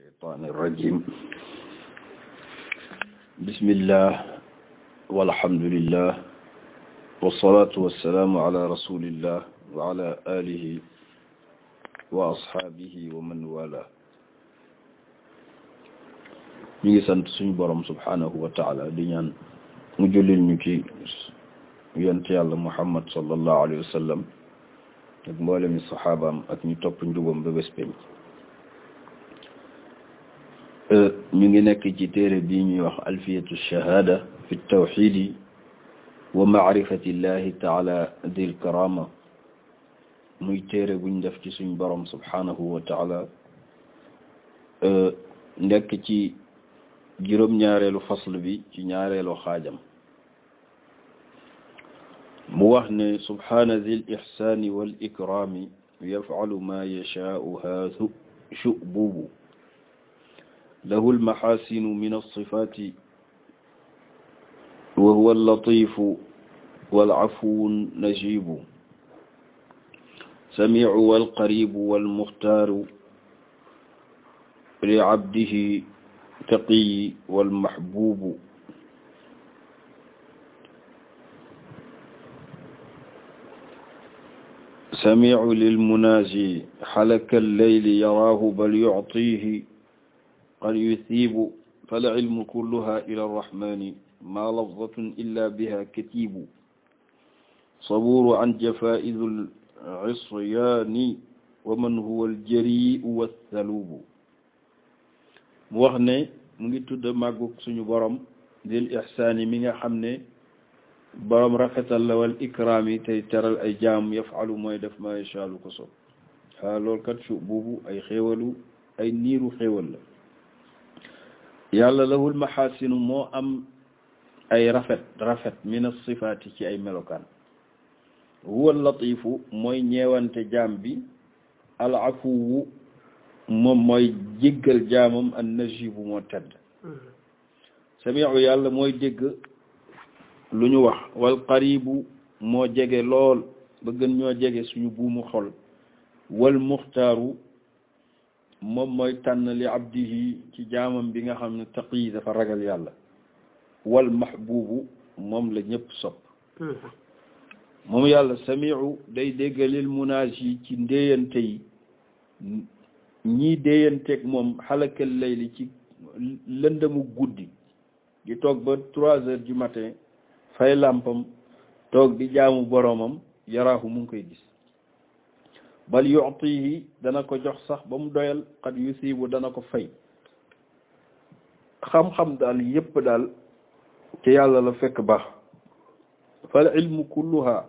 الشيطان الرجيم بسم الله والحمد لله والصلاة والسلام على رسول الله وعلى آله وأصحابه ومن والاه ñu ngi sant suñu borom subhanahu wa taala di ñaan mu jullil ñu ci yonent yàlla muhammad sallallahu alayhi wa sallam ak mboolemi saxaabaam ak ñu topp njubam ba bés penc Euh, ñu ngi nekk ci téere bi ñuy wax alfiyatu shahaada fi tawxidi wa maarifati llahi taala dil karama muy téere buñ def ci suñ borom subhanahu wa taala euh, nekk ci juróom-ñaareelu fasl bi ci ñaareelu xaajam mu wax ne subhana dil ixsaani wal ikrami yafcalu ma yashaau haasu shububu له المحاسن من الصفات وهو اللطيف والعفو النجيب سميع والقريب والمختار لعبده تقي والمحبوب سميع للمناجي حلك الليل يراه بل يعطيه قد يثيب فالعلم كلها إلى الرحمن ما لفظة إلا بها كتيب صبور عن جفائز العصيان ومن هو الجريء والثلوب mu wax ne mu ngi tudd màggug suñu borom dil ihsaani mi nga xam ne borom rafetal la wal ikraam yi tey teral ay jaam yafalu mooy def ma yashaalu ko sob haa loolu kat su boobu ay xéewalu ay niiru xéewal la yàlla lahul maxaasinu moo am ay rafet rafet min asifaati ci ay melokaan huwa latifu mooy ñeewante jaam bi al afuwu moom mooy jéggal jaamam an najibu moo tedd samiu yàlla mooy dégg lu ñu wax wal qaribu moo jege lool ba gën ñoo jege suñu buumu xol wal muxtaaru moom mooy tànn li abdihi ci jaamam bi nga xam ne yi dafa ragal yàlla wal mahbubu moom la ñëpp sopp moom yàlla samiu day déggalil munaaj yi ci ndéyante yi ñii déyanteeg moom xalakal layli ci lëndamu guddi di toog ba trois heures du matin fay làmpam toog di jaamu boroomam yaraahu mu koy gis bal yu'tihi dana ko jox sax ba mu doyal yu yusibu dana ko fay xam-xam daal yépp daal ci yàlla la fekk baax fal ilmu kulluha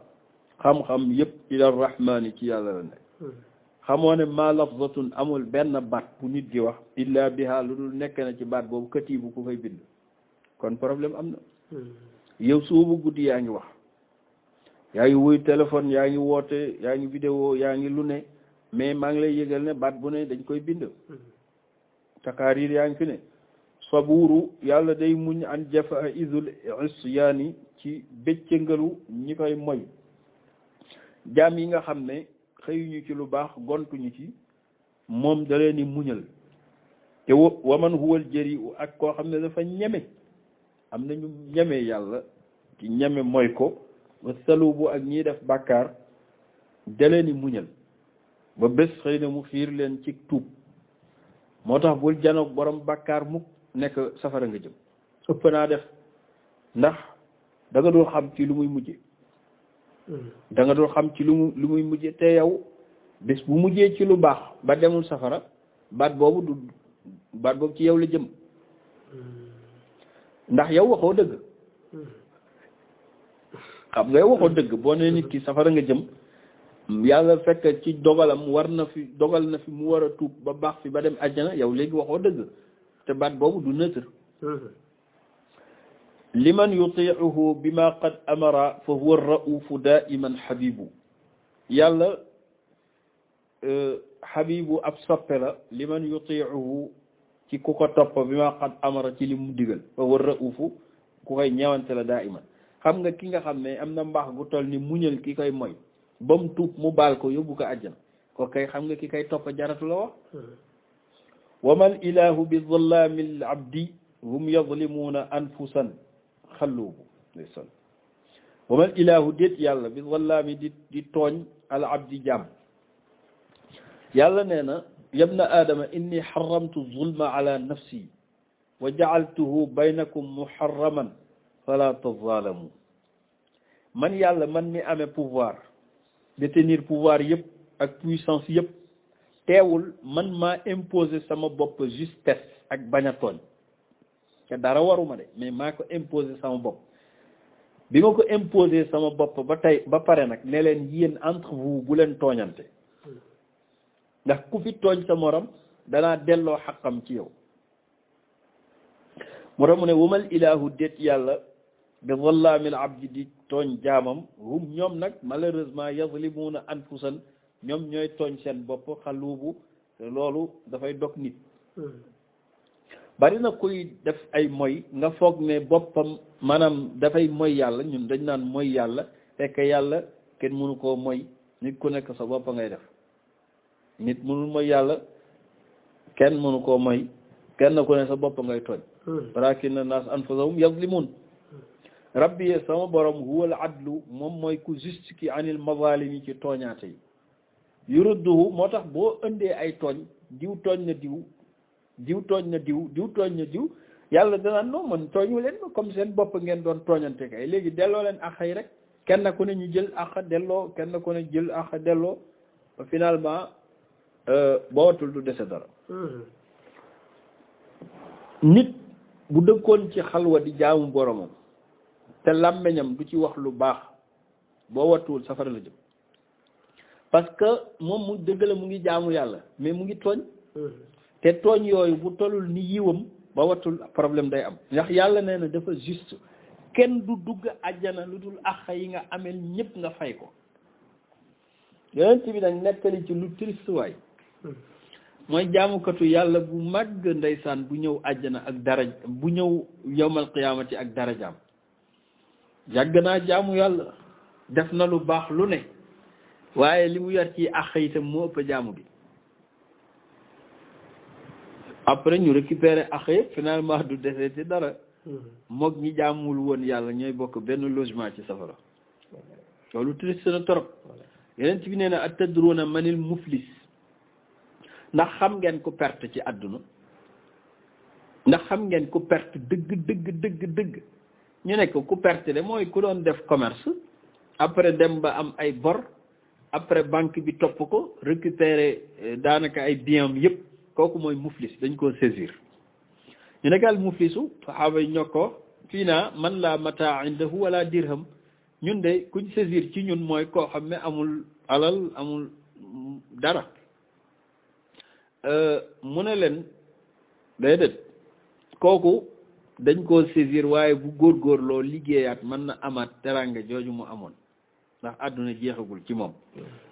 xam-xam yépp ila rahmaani ci yàlla la nekk hmm. xamoo ne ma lafzatun amul benn baat bu nit di wax illa biha lu dul nekk na ci baat boobu katiibu ku koy bind kon problème am na hmm. yow suubu guddi yaa ngi wax yaa ngi wuy téléphone yaa ngi woote yaa ngi vidéo yaa ngi lu ne mais maa ngi lay yëgal ne baat bu ne dañ koy bind takaarir yaa ngi fi ne sabuuru yàlla day muñ an jafa yaa isyaani ci bëccëngalu ñi koy moy jaam yi nga xam ne xëyuñu ci lu baax gontuñu ci moom dalee leen di muñal te waman huwal jëri ak koo xam ne dafa ñeme am nañu ñeme yàlla ñeme moy ko wasalubu ak ñiy def bàkkaar dalee ni muñal ba bés xëy na mu xiir leen ci tuub moo tax bul janoog boroom bàkkaar mukk nekk safara nga jëm ëpp naa def ndax danga nga dul xam ci lu muy mujje mm. danga nga dul xam ci lu mu lu muy mujje te yow bés bu mujjee ci lu baax ba demul safara baat boobu du baat boobu ci yow la jëm mm. ndax yow waxoo dëgg mm. xam ngay waxoo dëgg boo nee nit ki safara nga jëm yàlla fekk ci dogalam war na fi dogal na fi mu war a tuub ba baax fi ba dem àjjana yow léegi waxoo dëgg te baat boobu du nëtër liman yutiihu bima qad amara fa huwa raufu daiman habibu yàlla euh, habibu ab soppe la liman yutiihu ci ku ko topp bima qad amara ci li mu digal fa huwa raufu ku koy ñewante la daiman xam nga ki nga xam ne am na mbaax gu toll ni muñal ki koy moy ba mu tuub mu baal ko yóbbu ko àjjana ko xam nga ki koy topp jaratu la wax hmm. wa mal ilahu bi zalaami l abdi hum yàlla bi zalaami di di tooñ al abdi jàmm yàlla nee na yabna aadama inni xaramtu zulma ala nafsi wa jacaltuhu baynakum muharraman fala tazaalamu man yàlla man mi ame pouvoir détenir pouvoir yëpp ak puissance yëpp teewul man maa impose sama bopp justesse ak bañ a tooñ te dara waruma de mais maa ko imposer sama bopp bi ma ko imposer sama bopp ba tey ba pare nag ne leen yéen entre vous bu leen tooñante ndax ku fi tooñ sa morom danaa delloo xaqam ci yow morom mu ne wamal ilaahu déet yàlla de wallaamil abdi di tooñ jaamam hum ñoom nag malheureusement yazlimuuna anfusan ñoom ñooy tooñ seen bopp xaluubu loolu dafay dog nit bari na kuy def ay moy nga foog ne boppam maanaam dafay moy yàlla ñun dañ naan moy yàlla fekk yàlla kenn mënu koo moy nit ku nekk sa bopp ngay def nit mënul moy yàlla kenn mënu koo moy kenn ku ne sa bopp ngay tooñ hmm. walakin naas anfusahum yazlimuun rabbi yee sama borom huwal adlu moom mooy ku juste ki anil mazalimi ci tooñaate yi yurudduhu moo tax boo indee ay tooñ diw tooñ na diw diw tooñ na diw diw tooñ na diw yàlla danaan non man tooñu leen ma comme seen bopp ngeen doon tooñante kay léegi delloo leen àq yi rek kenn ku ne ñu jël àq delloo kenn ku ne jël àq delloo finalement euh, boo watul du dese dara mm-hmm. nit bu dëkkoon ci xalwa di jaamu boromam te làmmeñam du ci wax lu baax boo wattuwul safara la jëm parce que moom mu dëgg la mu ngi jaamu yàlla mais mu ngi tooñ te tooñ yooyu bu tolul ni yiwam ba wattul problème day am ndax yàlla nee na dafa juste kenn du dugg àjjana lu dul axa yi nga amel ñëpp nga fay ko yonent bi nag nettali ci lu triste mooy jaamukatu yàlla bu màgg ndeysaan bu ñëw àjjana ak daraj bu ñëw yowmal qiyaamati ak darajaam yàgg naa jaamu yàlla def na lu baax lu ne waaye li mu yar ci àq itam moo ëpp jaamu bi après ñu récupérer àq yëpp finalement du desee ci dara mm-hmm. moog ñi jaamuwul woon yàlla ñooy bokk benn logement ci safara loolu triste na trop yeneen ci bi ak na atadruuna manil muflis ndax xam ngeen ko perte ci àdduna ndax xam ngeen ko perte dëgg dëgg dëgg dëgg ñu nekk ku perte de mooy ku doon def commerce après dem ba am ay bor après banque bi topp ko récupérer euh, daanaka ay biens am yëpp kooku mooy muflis dañ koo saisir ñu nekk al muflisu saxaaba ñoo ko fii naa man laa mataa indahu wala dirham ñun de kuñ saisir ci ñun mooy koo xam ne amul alal amul dara euh, mu ne leen kooku dañ ko saisir waaye bu góor góorgóorloo liggéeyaat mën na amaat teranga jooju mu amoon ndax àdduna jeexagul ci moom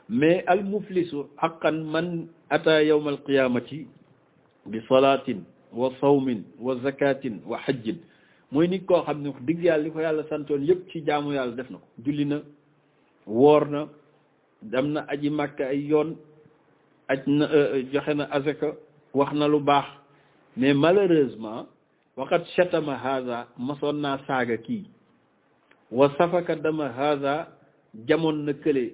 mais al muflisu xaqan man ata yawma alqiyamati bi salaatin wa sawmin wa zakatin wa hajjin mooy nit koo xam ne digg yàlla li ko yàlla santoon yëpp ci jaamu yàlla def na ko julli na woor na dem na aji màkk ay yoon aj na euh, euh, joxe na azaka wax na lu baax mais malheureusement waqat shatama haza masoon naa saaga kii wa safaka dama haza jamoon na kële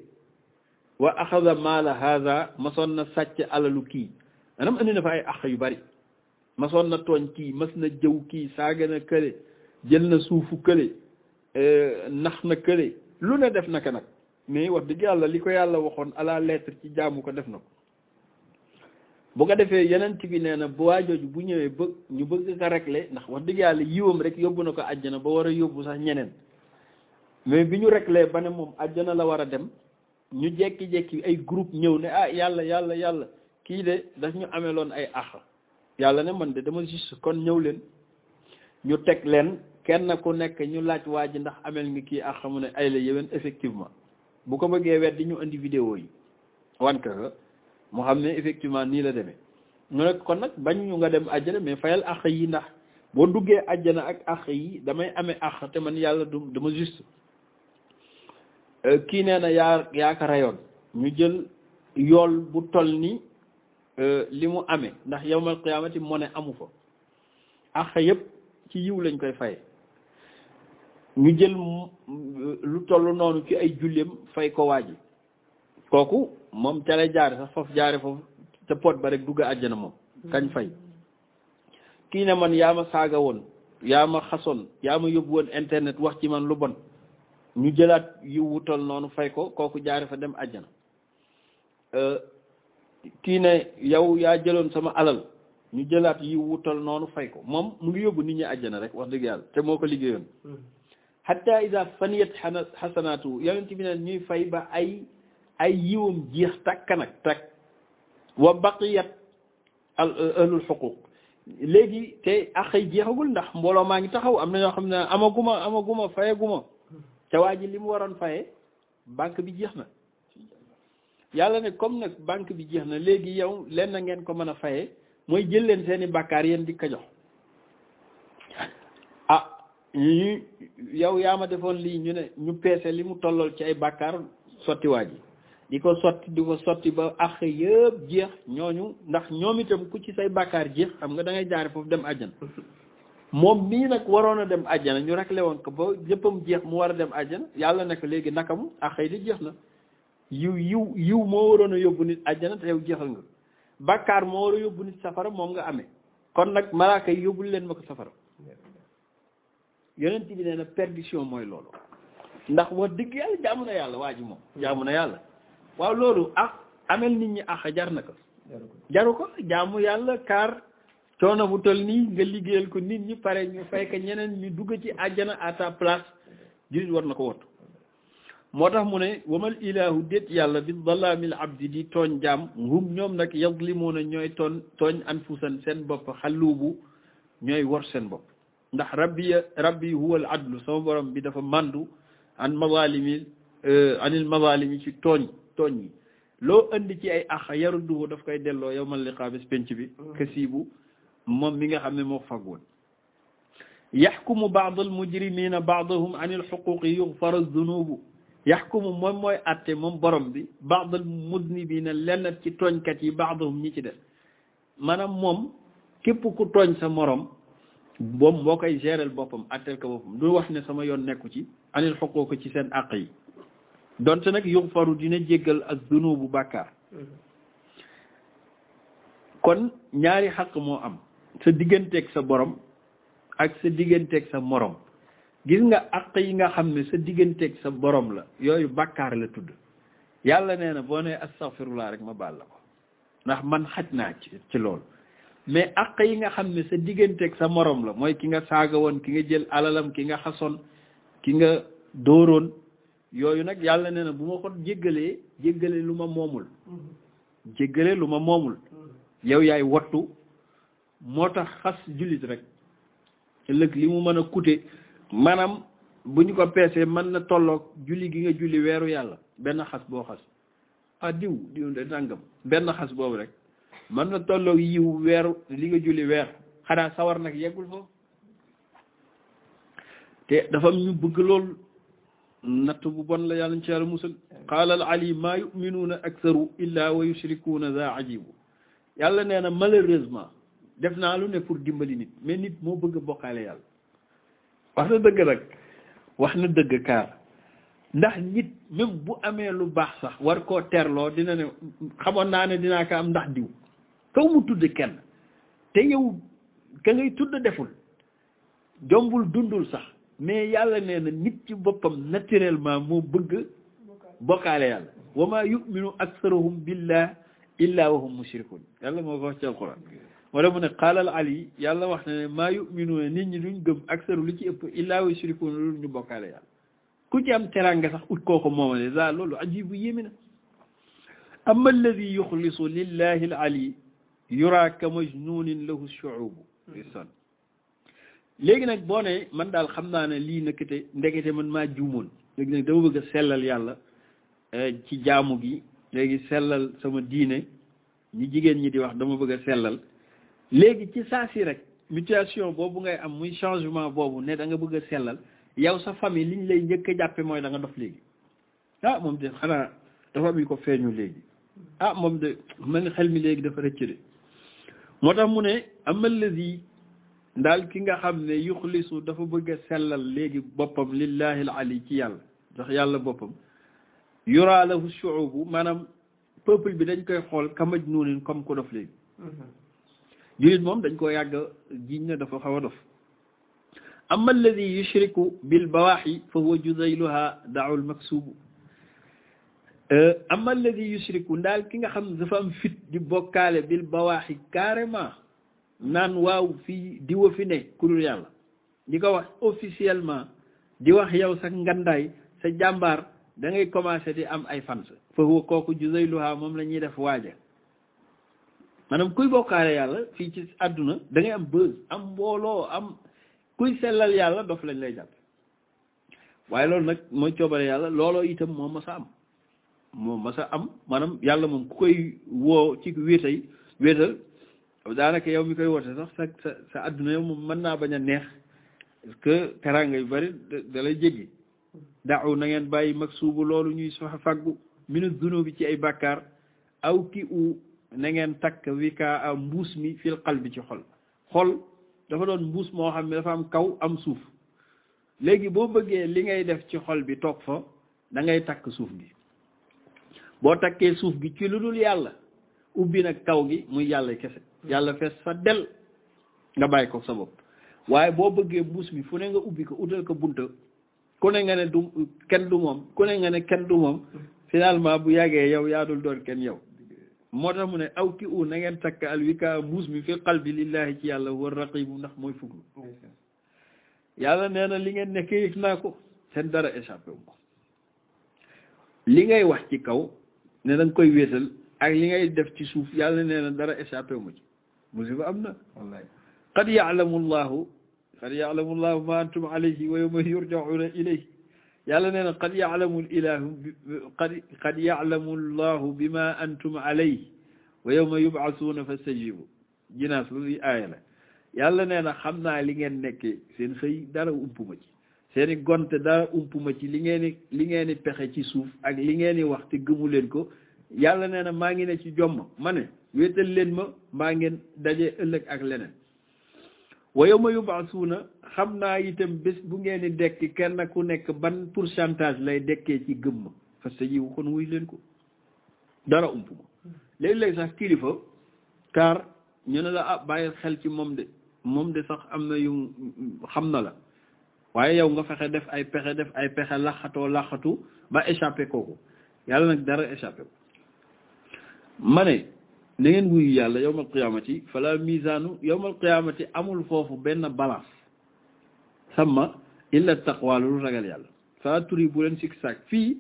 waa axada maala haza masoon na sàcc alalu kii maanaam andi na fa ay àq yu bari masoon na tooñ kii mas na jëw kii saaga na kële jël na suufu kële nax na kële lu ne def na ko nag mais wax dëgg yàlla li ko yàlla waxoon à la ci jaamu ko def na ko bu ko defee yeneen bi nee na bu waajooju bu ñëwee bëgg ñu bëgg ko régler ndax wax dëgg yàlla yiwam rek yóbbu na ko àjjana ba war a yóbbu sax ñeneen mais bi ñu régler ba ne moom àjjana la war a dem ñu jekki-jekki ay groupe ñëw ne ah yàlla yàlla yàlla kii de daf ñu ameloon ay ax yàlla ne man de dama juste kon ñëw leen ñu teg leen kenn ku nekk ñu laaj waa ji ndax ameel ngi kii ax mu ne ay la yéwén effectivement bu ko bëggee weddi ñu indi vidéo yi wan moo xam ne effectivement nii la demee ñu ne kon nag bañ ñu nga dem àjjana mais fayal àq yi ndax boo duggee àjjana ak àq yi damay ame àq te man yàlla du dama juste euh, kii nee na yaa yaa ko rayoon ñu jël yool bu toll nii euh, li mu amee ndax yawmal qiyaamati moo ne amu fa àq yëpp ci yiw lañ koy faye ñu jël euh, lu toll noonu ci ay julleem fay ko waaji kooku moom ca lay jaare sax foofu jaare foofu ca pot ba rek dugg àjjana moom kañ fay kii ne man yaa ma saaga woon yaa ma xasoon yaa ma yóbbu woon internet wax ci man lu bon ñu jëlaat yu wutal noonu fay ko kooku jaare fa dem àjjana euh, kii ne yow yaa jëloon sama alal ñu jëlaat yi wutal noonu fay ko moom mu ngi yóbbu nit ñi àjjana rek wax dëgg yàlla te moo ko liggéeyoon hmm. hatta isa faniyat xasanaatu yonent bi ne ñuy fay ba ay ay yiwam jeex takk nag takk wa baqiyat al euh, ahlul xuquq léegi te ak ay jeexagul ndax mbooloo maa ngi taxaw am na ñoo xam ne amaguma amaguma fayaguma te waa ji li mu waroon faye banque bi jeex na yàlla ne comme nag banque bi jeex na léegi yow lenn ngeen ko mën a faye mooy jël leen seeni bàkkaar yéen di ko jox ah yow yaa ma defoon lii ñu ne ñu peese li mu tollool ci ay bakaar sotti waa ji di ko sotti di ko sotti ba àq yëpp jeex ñooñu ndax ñoom itam ku ci say bàkkaar jeex xam nga dangay ngay jaare foofu dem àjjana moom mii nag waroon a dem àjjana ñu rek woon ko ba léppam jeex mu war a dem àjjana yàlla ne ko léegi nakamu àq yi di jeex na yiw yiw yiw moo waroon a yóbbu nit àjjana te yow jeexal nga bàkkaar moo war a yóbbu nit safara moom nga amee kon nag malaaka yi yóbbul leen ma ko safara yonent bi nee na perdition mooy loolu ndax wax dëgg yàlla jaamu na waaw loolu ah amel nit ñi ah jar na ko jaru ko jaamu yàlla kaar coono bu nii nga liggéeyal ko nit ñi pare ñu fay ñeneen ñu dugg ci àjjana à ta place jullit war na ko wot moo tax mu ne wamal ilaahu déet yàlla bi dalaamil abdi di tooñ jaam hum ñoom nag yazlimuuna ñooy toon tooñ anfusan seen bopp xalluubu ñooy wor seen bopp ndax rabbi rabbi huwa al adlu sama borom bi dafa mandu an mazalimi euh, anil mazalimi ci tooñ tooñ yi loo indi ci ay ax yarudduhu daf koy delloo yow man liqaa bés penc bi mm. kasiibu moom mi nga xam ne moo fag woon yaxkumu baad al mujrimina baadahum an il xuquqi yugfar azunubu yaxkumu moom mooy atte moom borom bi baad al mudnibina lenn ci tooñkat yi baadahum ñi ci de maanaam moom képp ku tooñ sa morom moom moo koy géréel boppam atteel ko boppam du wax ne sama yoon nekku ci anil xuquqi ci seen àq yi donte nag yuxfaru dina jéggal ak dunubu bàkkaar kon ñaari xaq moo am sa digganteeg sa borom ak sa digganteeg sa morom gis nga àq yi nga xam ne sa digganteeg sa borom la yooyu bàkkaar la tudd yàlla nee na boo nee astaghfirullah rek ma baal la ko ndax man xaj naa ci ci loolu mais àq yi nga xam ne sa digganteeg sa morom la mooy ki nga saaga woon ki nga jël alalam ki nga xasoon ki nga dóoroon yooyu nag yàlla ne na bu ma ko jéggalee jéggale lu ma moomul jéggale lu ma moomul yow yaay wattu moo tax xas jullit rek ëllëg li mu mën a coûter maanaam bu ñu ko peesee mën na tollook julli gi nga julli weeru yàlla benn xas boo xas ah diw diw benn xas boobu rek mën na tollook yiw weeru li nga julli weer xanaa sawar nag yeggul foofu te dafa ñu bëgg loolu natt bu bon la yàlla ñu ci yàlla musal qaala al ali maa yuminuuna aktaru illa wa yushrikuuna za ajibu yàlla nee na malheureusement def naa lu ne pour dimbali nit mais nit moo bëgg a bokkaale yàlla wax na dëgg nag wax na dëgg kaar ndax nit même bu amee lu baax sax war koo terloo dina ne xamoon naa ne dinaa ko am ndax diw kaw mu tudd kenn te yow ka ngay tudd deful jombul dundul sax mais yàlla nee na nit ci boppam naturellement moo bëgg bokkaale yàlla wa ma yuminu billah illa wahum mushrikun yàlla moo ko wax ci alquran ma tax mu ne xaalal ali yàlla wax na ne maa yuminu nit ñi duñ gëm aksaru lu ci ëpp illa wa mushrikun lu ñu bokkaale yàlla ku ci am teranga sax ut kooko moomale za loolu ajibu yémi na ama alladi yuxlisu lillahi al ali yura ka majnunin lahu shuubu léegi nag boo ne man daal xam naa ne lii nekkate ndekete man maa juumoon léegi nag dama bëgg a sellal yàlla eh, ci jaamu gi léegi sellal sama diine ñu jigéen ñi di wax dama bëgg sellal léegi ci saa si rek mutation boobu ngay am muy changement boobu ne da nga bëgg a sellal yow sa famille liñ lay njëkk a jàppe mooy danga nga dof léegi ah moom de xanaa dafa bi ko feeñu léegi ah moom de man xel mi léegi dafa rëcc de moo tax mu ne amal lazi daal ki nga xam ne yuxlisu dafa bëgg a sellal léegi boppam lillahi al ali ci yàlla jox yàlla boppam yuraalahu shuubu maanaam peuple bi dañ koy xool kamaj nuunin comme ko dof léegi mhm. jullit moom dañ ko yàgg jiñ na dafa xaw a dof amma alladi yushriku bil bawaaxi fa huwa judayluha daawul maksuubu amma alladi yushriku ndaal ki nga xam ne dafa am fit di bokkaale bil bawaaxi carrément naan waaw fii diwa fi ne ku dul yàlla di ko wax officiellement di wax yow sa ngandaay sa jàmbaar dangay commencé di am ay fans fa huwa kooku juzayluha moom la ñuy def waaja maanaam kuy bokkaale yàlla fii ci àdduna da ngay am buzz am mbooloo am kuy sellal yàlla dof lañ lay jàpp waaye loolu nag mooy coobare yàlla looloo itam moo mas a am moo mas a am maanaam yàlla moom ku koy woo ci wéetay wéetal daanaka yow mi koy woote sax sa sa sa adduna moom mën naa bañ a neex parce que teranga yu bari da lay jéggi daaw na ngeen bàyyi mag suubu loolu ñuy soxa faggu minu duno bi ci ay bàkkaar aw ki u na ngeen takk wika a mbuus mi fil xal bi ci xol xol dafa doon mbuus moo xam ne dafa am kaw am suuf léegi boo bëggee li ngay def ci xol bi toog fa dangay takk suuf gi boo takkee suuf gi ci lu dul yàlla ubbi nag kaw gi muy yàlla kese yàlla fees fa del nga bàyyi ko sa waaye boo bëggee mbuus mi fu ne nga ubbi ko utal ko bunta ku ne nga ne du kenn du moom ku ne nga ne kenn du moom finalement bu yàggee yow yaa dul doon kenn yow moo tax mu ne aw ki u na ngeen takk alwika mbuus mi fi qalbi lillahi ci yàlla war raqibu ndax mooy fuglu yàlla nee na li ngeen nekkee yëg naa ko seen dara échappé li ngay wax ci kaw ne danga koy wéetal ak li ngay def ci suuf yàlla nee na dara échappé wu ci musiba am na qad yalamu llahu qad yalamu llahu ma antum alayhi wa yawma yurjauna ilayhi yàlla nee na qad yalamu ilahu qad qad yalamu llahu bima antum alayhi wa yawma yub'asuuna fastajibu jinaas lu aaya la yàlla nee na xam naa li ngeen nekkee seen xëy dara umpuma ci seeni gonte dara umpuma ci li ngeen di li ngeen di pexe ci suuf ak li ngeen di wax te gëmu leen ko yàlla nee na maa ngi ne ci jomm ma ne wéetal leen ma mbaa ngeen daje ëllëg ak leneen wa yawma suuna xam naa itam bés bu ngeen di dekki kenn ku nekk ban pour pourcentage lay dekkee ci gëm ma parce que yiw kon wuy leen ko dara ump ma léeg-léeg sax kilifa car ñu ne la ah xel ci moom de moom de sax am na yu xam na la waaye yow nga fexe def ay pexe def ay pexe laxatoo laxatu ba échappé kooku yàlla nag dara échappé ko ma ne na ngeen wuyu yàlla yawmal qiyaamati fala misaanu yawmal qiyaamati amul foofu benn balance sama illa taqwa lu ragal yàlla fala turi bu leen sikk saak fii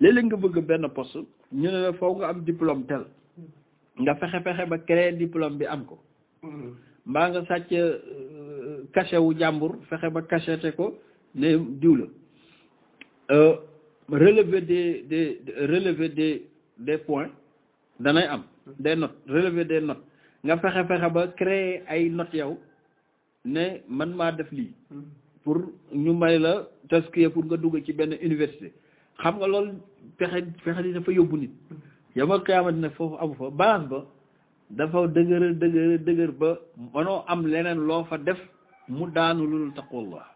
léeg-léeg nga bëgg benn post ñu ne la nga am diplôme tel nga fexe fexe ba créer diplôme bi am ko mbaa nga sàcc euh, cachet wu jàmbur fexe ba cacheté ko ne diw la euh, relever des des relever des des points danay am des notes relevé des notes nga fexe fexe ba créer ay notes yow ne man maa def lii pour ñu may la taskiya pour nga dugg ci benn université xam nga lool pexe fexe di dafa yóbbu nit yamal qiyaamati ne foofu amu fa balance ba dafa dëgër dëgër dëgër ba mënoo am leneen loo fa def mu daanu lu dul taqwallah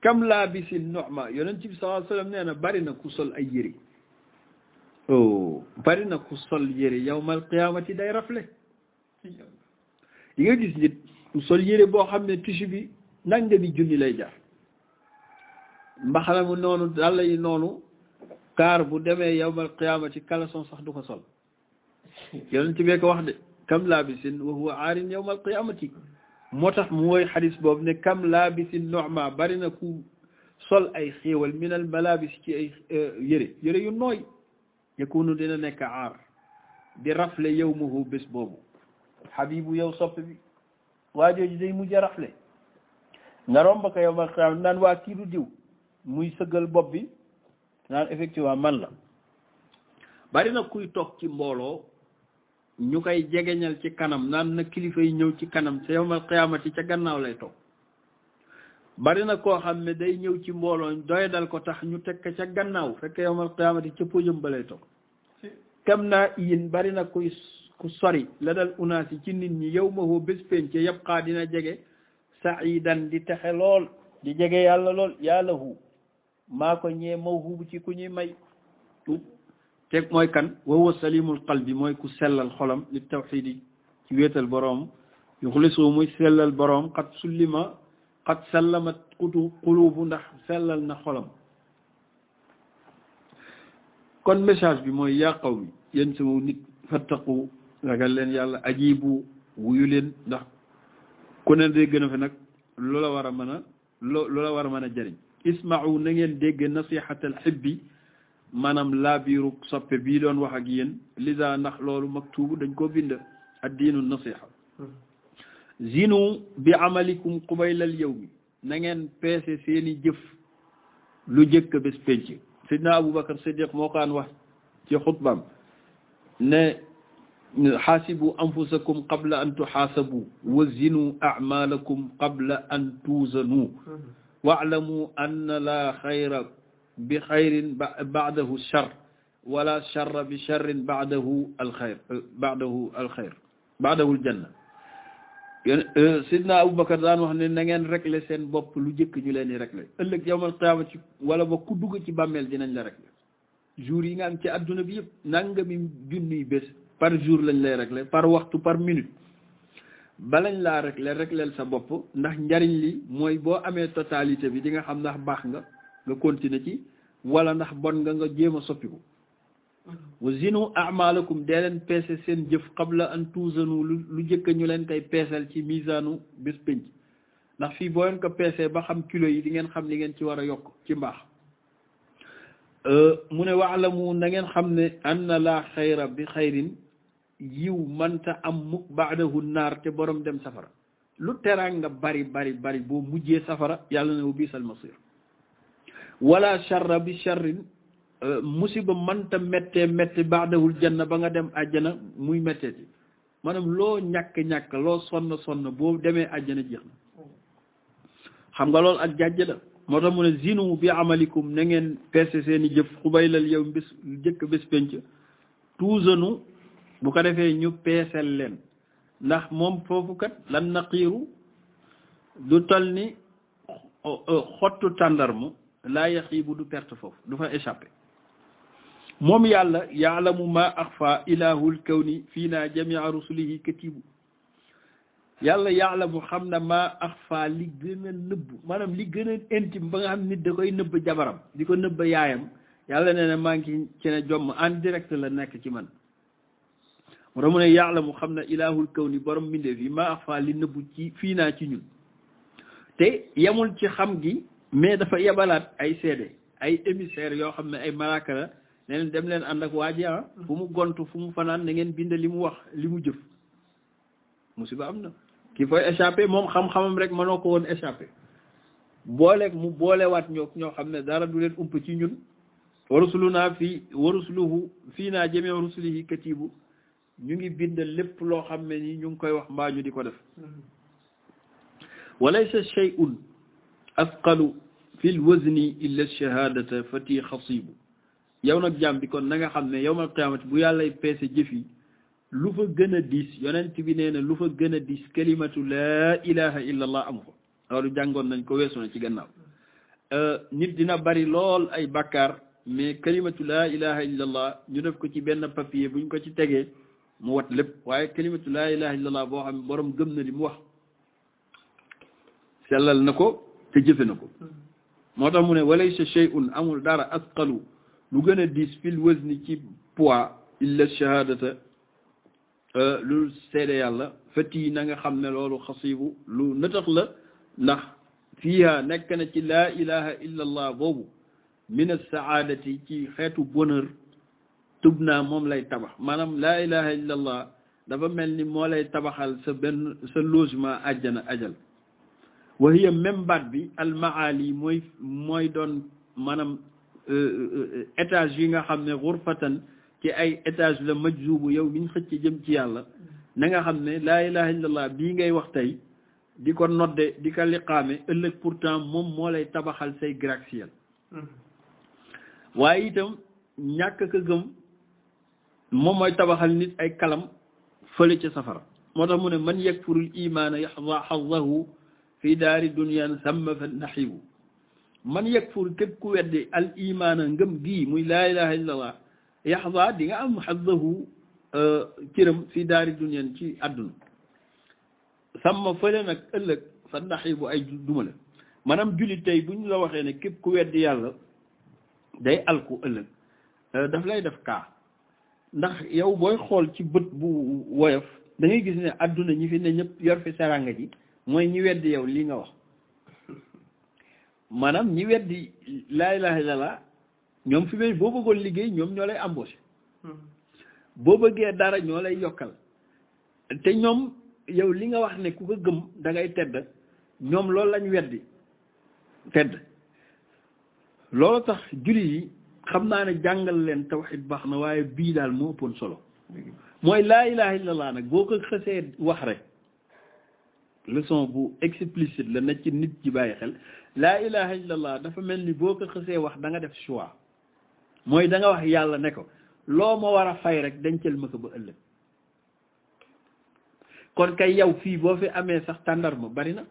kam laa bi si noxma yonent bi sallallahu alayhi wa sallam nee na bari na ku sol ay yëri Oh, bari na ku sol yére yawmal qiyaamati day rafle yi nga gis nit sol yére boo xam ne tissu bi nangami junni lay jar mbaxana mu noonu dàll yi noonu kaar bu demee yawmal qiyaamati caleçon sax du ko sol yonent bi ko wax de kam laabisin wa huwa aarin yawmal qiyaamati moo tax mu woy xadis boobu ne kam laabisin norma bari na ku sol ay xéewal minal malaabis ci ay euh, yére yére yu nooy yakunu dina nekk aar di rafle yawmuhu bés boobu xabibu yow soppe bi waa jooju day mujj a rafle nga romb ko yow ma xam waa kii diw muy sëggal bopp bi naan effectivement man la bari na kuy toog ci mbooloo ñu koy jegeñal ci kanam naan na kilifa yu ñëw ci kanam sa yowmal qiyaamati ca gannaaw lay toog bari na koo xam ne day ñëw ci mbooloo doy dal ko tax ñu teg ca gannaaw fekk yowmal qiyaamati ca pëjëm ba lay toog kam naa yin bari na kuy ku sori la dal unaas ci nit ñi yow ma woo bés pénc xaa dina jege saidan di texe lool di jege yàlla lool yàlla hu maa ko ñee mawhubu ci ku ñuy may teg mooy kan wa huwa salimul qalbi mooy ku sellal xolam li tawxiid yi ci wéetal boroom yuxlisu muy sellal boroom xat sullima qad sallamat qutu qulubu ndax sellal na xolam kon message bi mooy yaa qawmi yéen sama nit fattaqu ragal leen yàlla ajibu wuyu leen ndax ku ne dégg na fi nag loola war a mën a loo loola war a mën a jëriñ isma'u na ngeen dégg nasihatal xibbi maanaam laa biiru soppe bii doon wax ak yéen lisa ndax loolu maktubu dañ koo bind ad diinu nasiha hmm. zinu bi amalikum qubaylal yawmi na ngeen peese seeni jëf lu jëkk bés penc sidna aboubacar siddiq moo kaan wax ci xutbam ne xaasibu anfusakum qabla an tuxaasabu wa zinu amalakum qabla an tuuzanu waalamu anna la xayra bi xayrin baadahu char wala charra bi charrin baadahu alxayr baadahu alxayr baadahu aljanna Euh, sidna Aboubacar daan wax ne na ngeen régler seen bopp lu jëkk ñu leen di régler ëllëg yawmal qiyaama ci wala ba ku dugg ci bàmmeel dinañ la régler jour yi nga am ci adduna bi yëpp nangami junniy bés par jour lañ lay régler par waxtu par minute balañ laa régler régleel sa bopp ndax njariñ li mooy boo amee totalité bi di nga xam ndax baax nga nga continuer ci wala ndax bon nga nga jéem a soppiku wa zinu amalakum dee leen peese seen jëf qabla an tuuzanu lu lu jëkk ñu leen koy peesal ci misaanu bés pénc ndax fii boo leen ko peesee ba xam kilo yi di ngeen xam ni ngeen ci war a yokk ci mbaax euh, mu ne waalamu na ngeen xam ne anna laa xayra bi xayrin yiw manta am mukk baadahu naar te borom dem safara lu teraanga bari bari bari boo mujjee safara yàlla ne wa bisal masir wala charra bi charrin Euh, musiba mënta méttee métti baadawul janna ba nga dem àjjana muy méttee ci maanaam loo ñàkk-ñàkk loo sonn sonn boo demee àjjana jeex na xam nga lool ak jàjj la moo tax mu zinu bi amalikum nangeen ngeen peese seen i jëf xubaylal yow bis jëkk bés penc tuusanu bu ko defee ñu peesel leen ndax moom foofu kat lan naqiiru du tol ni xottu tàndarmu laa yax yi du perte foofu du fa échappé moom yàlla yaalamu ma axfa kaw kawni fii naa jamia rusulihi katibu yàlla yaalamu xam na ma axfa li gën a nëbb maanaam li gën a intime ba nga xam ni da koy nëbb jabaram di ko nëbb yaayam yàlla ne na maa ngi ci ne jomm en direct la nekk ci man mu mu ne yaalamu xam na kaw kawni borom mbindeef yi ma axfa li nëbb ci fii naa ci ñun te yemul ci xam gi mais dafa yebalaat ay seede ay émissaires yoo xam ne ay malaaka la ne leen dem leen ànd ak waa ji ah mm-hmm. fu mu gontu fu mu fanaan na ngeen bind li mu wax li mu jëf musiba am na ki fooy échappé moom xam-xamam rek mënoo ko woon échappé booleeg mu boolewaat ñoo ñoo xam ne dara du leen ump ci ñun wa naa fii wa fii naa jëmee rusulihi katibu ñu ngi bind lépp loo xam ne nii ñu ngi koy wax mbaa ñu di ko def mm-hmm. walaysa shay'un asqalu fi l wazni illa shahadata fati xasibu yow nag jaam bi kon nanga xam ne yawmal qiyaamati bu yàllay peese jëf yi lu fa gën a diis yonent bi nee na lu fa gën a diis kalimatu laa ilaha illa allah amu fa jàngoon nañ ko weesu na ci gannaaw euh, nit dina bari lool ay bakkaar mais kalimatu laa ilaha illa ñu def ko ci benn papier buñ ko ci tegee mu wat lépp waaye kalimatu laa ilaha illa allah boo xam ne gëm na li mu wax sellal na ko te jëfe na ko mm-hmm. moo tax mu ne walaysa shay'un amul dara asqalu lu gën a diis fil wazni ci poids illa shahadata euh, lu seede yàlla fatiyi na nga xam ne loolu xasibu lu nëtax la ndax fiiha nekk na ci la ilaha illa allah boobu min as-saadati ci xeetu bonheur tub naa moom lay tabax maanaam la ilaha illa allah dafa mel ni moo lay tabaxal sa benn sa logement àjjana ajal wa hiya même baat bi almaali mooy mooy doon maanaam Euh, euh, étage yi nga xam ne xurfatan ci ay étage la majzubu yow miñ xëcc jëm ci yàlla na nga xam ne laa ilaha illallah bii ngay wax tey di ko nodde di ko liqaame ëllëg pourtant moom moo lay tabaxal say gratte waaye itam ñàkk ka gëm moom mooy tabaxal nit ay kalam fële ca safara moo tax mu ne man yakfurul imaana yaxda xazahu fi daari dunyan samma fa naxibu man yakfur képp ku weddi al imaana ngëm gii muy laa ilaha illa allah di nga am xaddahu euh, cëram fi daari duniyan ci àdduna sàmma fële nag ëllëg sa ndaxi bu ay duma la maanaam jullit tey bu ñu la waxee ne képp ku weddi yàlla day alku ëllëg euh, daf lay def kaa ndax yow booy xool ci bët bu woyof dangay gis ne àdduna ñi fi ne ñëpp yor fi saranga ji mooy ñi weddi yow lii nga wax maanaam ñi weddi laa ilaha illallah ñoom fi mu boo bëggoon liggéey ñoom ñoo lay embauché hmm. boo bëggee dara ñoo lay yokkal te ñoom yow li nga wax ne ku ko gëm dangay tedd ñoom loolu lañ weddi tedd loolu tax jullit yi xam naa ne jàngal leen tawxid baax na waaye bii daal moo ëppoon solo mooy laa ilaha illallah nag boo ko xësee wax rek leçon bu explicite la na ci nit ji bàyyi xel laa ilaha illallah dafa mel ni boo ko xësee wax danga nga def choix mooy danga wax yàlla ne ko loo ma war a fay rek dencal ma ba ëllëg kon kay yow fii boo fi amee sax tàndarma bari na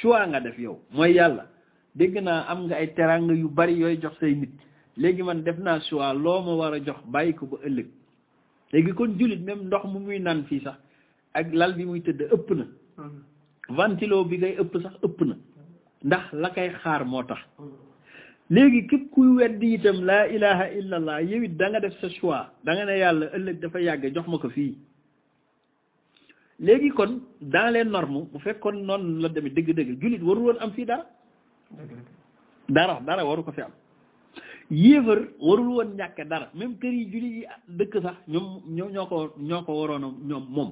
suwa nga def yow mooy yàlla dégg naa am nga ay teranga yu bari yooy jox say nit léegi man def naa choix loo ma war a jox bàyyi ko ba ëllëg léegi kon jullit même ndox mu muy naan fii sax ak lal bi muy tëdd ëpp na mm-hmm. ventilo bi ngay ëpp sax ëpp na ndax la kay xaar moo tax léegi képp kuy weddi itam laa ilaha illallah yow danga def sa choix da ne yàlla ëllëg dafa yàgg jox ma ko fii léegi kon dans leen normes bu fekkoon noonu la demee dëgg-dëgg jullit waru woon am fii dara dara dara waru ko fi am yéefar warul woon ñàkk dara même kër yi jullit yi dëkk sax ñoom ñoo ñoo ko ñoo ko waroon a ñoom moom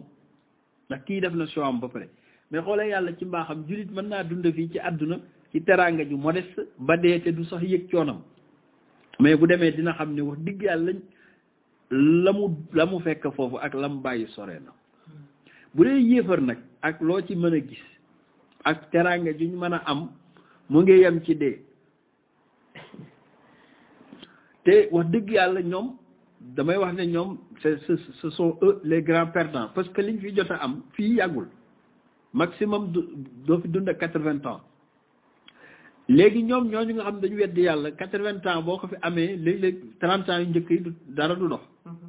ndax kii def na choix am ba pare mais xoolee yàlla ci mbaaxam jullit mën naa dund fii ci àdduna ci teraanga ju modeste ba dee te du sax yëg coonam mais bu demee dina xam ne wax digg yàlla la mu la mu fekk foofu ak la mu bàyyi sore bu dee yéefar nag ak loo ci mën a gis ak teraanga juñ mën a am mu ngi yem ci dee te wax dëgg yàlla ñoom damay wax ne ñoom c'est ce sont eux les grands perdants parce que liñ fi jot a am fii yàggul maximum doo fi dund ak quatre-vingts ans léegi ñoom ñoo ñooñu nga xam dañu weddi yàlla quatre-vingts ans boo ko fi amee léeg-léeg trente ans yu njëkk yi dara du dox mm-hmm.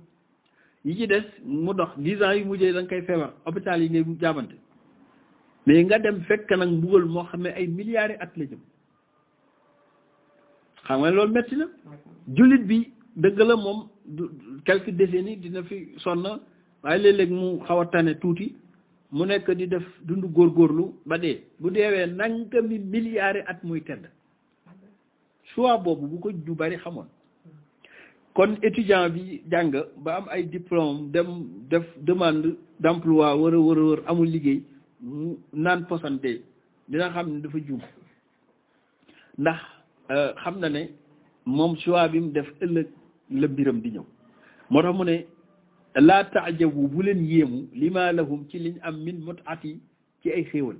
yi ci des mu dox dix ans yu mujjee da kay koy feebar hôpital yi ngay jaabante mais nga dem fekk nag mbugal moo xam ne ay milliards at la jëm xam nga loolu metti na mm-hmm. jullit bi dëgg la moom quelques décennies dina fi sonn waaye léeg-léeg mu xaw a tuuti mu nekk di def dund góorgóorlu ba dee bu deewee nanga mi milliards at muy tedd choix boobu bu ko ñu bari xamoon kon étudiant bi jàng ba am ay diplôme dem def demande d'emploi wër a wër a wër amul liggéey mu naan posante dina xam ne dafa juum ndax euh, xam na ne moom choix bi mu def ëllëg la mbiram di ñëw moo tax mu ne laa taajabu bu leen yéemu lima lahum ci liñ am min at yi ci ay xéewal